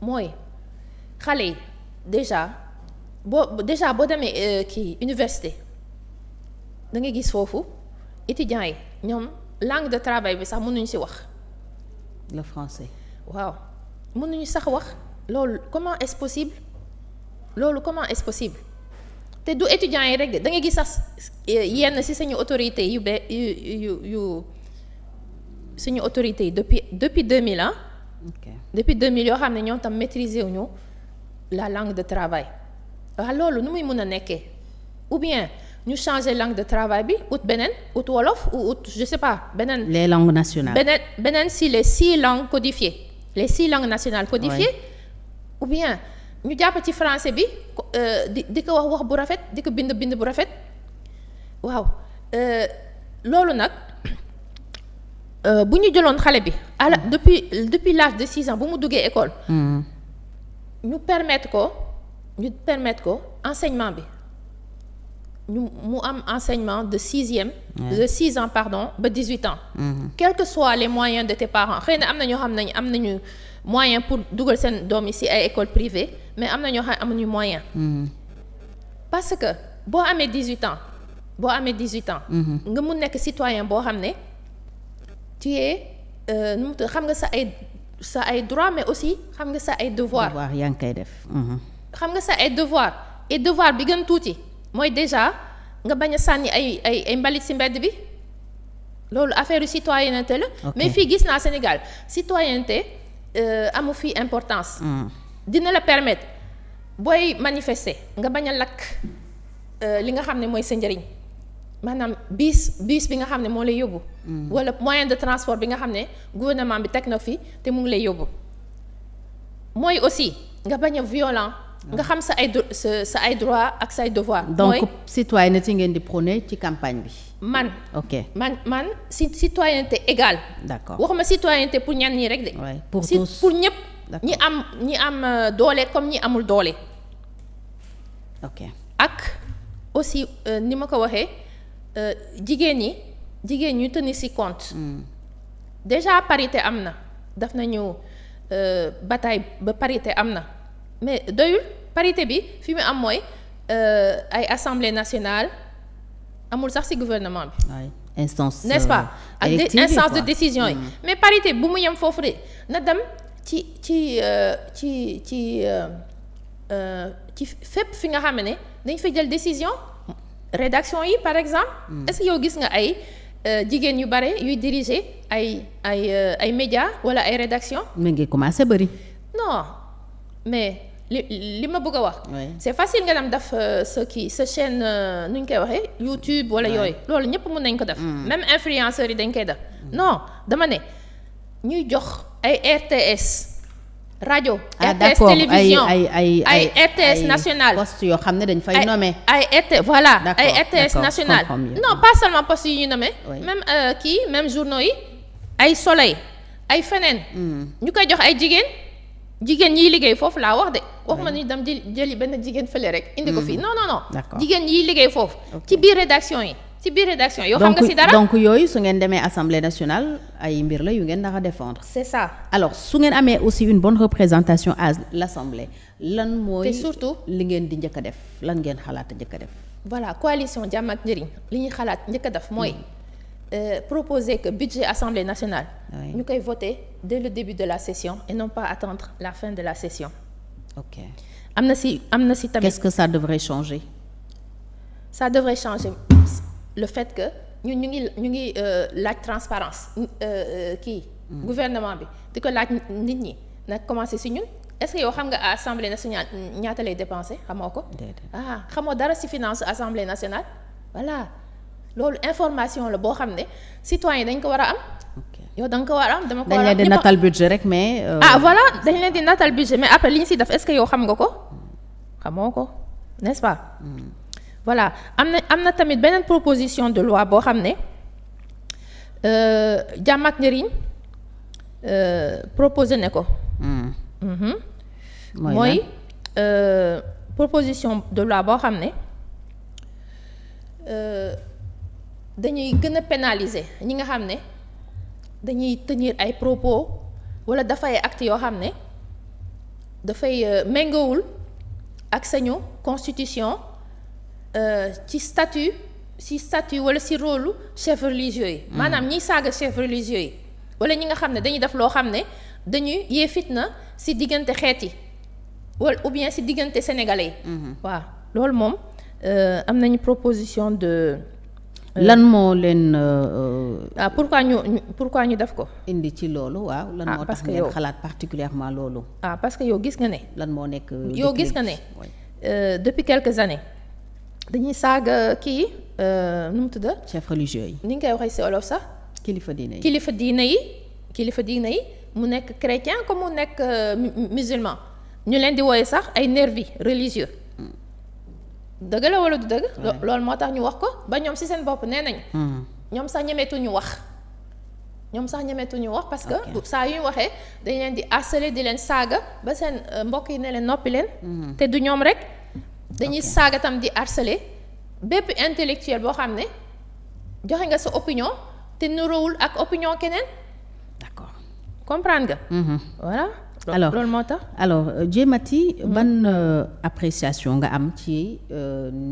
mooy xale yi déjà boo déjà boo demee euh, kii université da ngay gis foofu étudiants yi ñoom langue de travail bi sax mun mënuñu si wax. le français. waaw mënuñu sax wax loolu comment est possible loolu comment est possible te du étudiants yi rek da ngay gis sax yenn ci suñu autorités yu be yu yu yu suñu autorités yi depuis depuis deux mille ah, depuis 2000 yoo xam ne ñoom tam wu ñu la langue de travail waa loolu nu muy mën a nekkee ou bien ñu changer langue de travail bi ut beneen ut wolof ou ut je sais pas beneen. les langues nationales beneen beneen si les six langues codifiées les six langues nationale codifiées. Ouais. ou bien ñu jàpp ci français bi euh, di di ko wax wax bu rafet di ko bind bind bu rafet waaw euh, loolu nag. Euh, bu ñu jëloon xale bi à la mm. depuis depuis l'âge de six ans bu mu duggee école mm. ñu permettre ko ñu permettre ko enseignement bi ñu mu am enseignement de sixième mm. de six ans pardon ba dix-huit ans mm-hmm. quels que soient les moyens de tes parents xëy na am na ñoo xam nañu am nañu moyen pour dugal seen doom yi ci ay école privée mais am na ñoo xam amuñu moyen mm-hmm. parce que boo amee dix-huit ans boo amee dix-huit ans mm-hmm. nga mu nekk citoyen boo xam ne tu es euh, xam nga sa ay sa ay droit mais aussi xam nga sa ay devoir devoir yaa ngi koy def. Mhm. xam nga sa ay devoir et devoir bi gën tuuti mooy déjà nga bañ a sànni ay ay ay mbalit ci mbedd bi loolu affaire citoyenneté la. mais fii gis naa Sénégal citoyenneté euh, amu fi importance. Mm. dina la permettre booy manifester nga bañ a lakk euh, li nga xam ne mooy sa njëriñ. maanaam biis biis bi nga xam ne moo lay yóbbu. Mm. wala moyen de transport bi nga xam ne gouvernement bi teg na fi te mu ngi lay yóbbu. mooy aussi nga bañ a violent. Mm. nga xam sa ay sa sa ay droit ak say devoir. mooy donc si ngeen di prone ci campagne bi. man ok man man si citoyenneté égale. d'accord waxuma citoyenneté pour ñan ñi rek de. pour tous si pour ñëpp. ñi am ñi am euh, doole comme ñi amul doole. ok ak aussi euh, ni ma ko waxee. Euh, jigéen ñi jigéen ñu tenir ci compte. Hmm. déjà parité am na daf nañu euh, bataille ba parité am na mais doyul parité bi fi muy am mooy euh, ay assemblée nationale amul sax ci gouvernement bi. instance nest pas ak instance de décision yi. Mmh. mais parité bu mu yem foofu rek na dem ci ci ci ci ci fépp fi nga xam ne dañ fa jël décision. rédaction yi par exemple hmm. est yow gis nga ay euh, jigéen yu bare yuy diriger ay ay euh, ay média wala ay rédaction mu ngi commencé bëri non mais li li ma bëgg a wax c'est facile nga dem def euh, sa kii sa chaîne nu ñu koy waxee YouTube wala yooyu loolu ñëpp mën nañ ko def hmm. même influenceurs yi dañ koy def hmm. non dama ne ñuy jox ay RTS rajo ah, ay ay ay RTS national poste yoo xam ne dañ fay nommé ay RTS voilà ay RTS national non pas seulement poste yi ñu nommé même euh, kii euh, même journaux yi ay soleil ay feneen hmm. ñu koy jox ay jigéen jigéen ñiy liggéey foofu laa wax de wax ma ni dem yi benn jigéen fële rek indi ko hmm. fii non non non jigéen ñiy liggéey foofu ci biir rédaction yi ci biir rédaction yoo xam nga ci dara donc yooyu su ngeen demee assemblée nationale ay mbir la yu ngeen nar a défendre. c'est ça alors su ngeen amee aussi une bonne représentation à l'assemblée lan mooy te surtout li ngeen di njëkk a def lan ngeen xalaat njëkk a def. voilà coalition jàmm ak njëriñ li ñuy xalaat njëkk a def mooy. Mm. Euh, proposer que budget Assemblée nationale ñu koy voter dès le début de la session et non pas attendre la fin de la session ok am na si am na si tamit quest ça devrait changer ça devrait le fait que ñun ñu ngi ñu ngi euh, laaj transparence euh, euh, kii mm. gouvernement bi di ko laaj nit ñi nag commencé si ñun est-ce que yow xam nga assemblée nationale ñaata lay xamoo ko ah xamoo dara si finance assemblée nationale voilà loolu information la boo xam ne citoyen yi dañ ko war a am yow da nga ko war a am dama ko war a am dañ leen di natal budget rek mais ah voilà dañ leen di natal budget mais après li ñu si def est-ce que yow xam nga ko mm. xamoo ko nest voilà am na am na tamit beneen proposition de loi boo xam ne jàmm ak njëriñ proposé ne ko. Hmm. Mhm. mooy euh, proposition de loi boo xam ne euh, dañuy gën a pénaliser ñi nga xam ne dañuy tenir ay propos wala dafay act yoo xam ne dafay euh, méngowul ak sañu constitution. Euh, ci statut si statut wala si rôle chef religieux yi. Hmm. maanaam ñiy saaga chef religieux yi. wala ñi nga xam ne dañuy def loo xam ne dañuy yee fitna si diggante xeet yi wala ou bien si diggante sénégalais yi. Hmm. waaw loolu moom euh, am nañu proposition de. Euh, lan moo leen. ah pourquoi ñu pourquoi ñu def ko. indi ci loolu waaw. lan ah, moo tax ngeen xalaat particulièrement loolu. ah parce que yow gis nga ne. lan moo nekk. yow gis nga ne depuis quelques années. dañuy saaga kii euh, nu mu tudd. chef religieux yi. ni nga koy waxee si olof sax. kilifa diine yi kilifa diine yi kilifa diine yi mu nekk chrétien comme mu nekk euh, musulman ñu leen di wooye sax ay nervi religieux. dëgg la wala du dëgg. loolu moo tax ñu wax ko ba ñoom si seen bopp nee nañ hmm. ñoom sax ñemeetuñu wax. ñoom sax ñemeetuñu wax parce que saa yu ñu waxee dañ leen di harceler di leen saaga ba seen euh, mbokk yi ne leen noppi leen. Hmm. te du ñoom rek. dañuy saaga tam di harceler bépp intellectuel boo xam ne joxe nga sa opinion te nuroowul ak opinion keneen d'accord comprendre nga. Mhm. voilà. alors loolu moo tax alors euh, Dié Maty mhm. ban euh, appréciation nga am ci. Euh,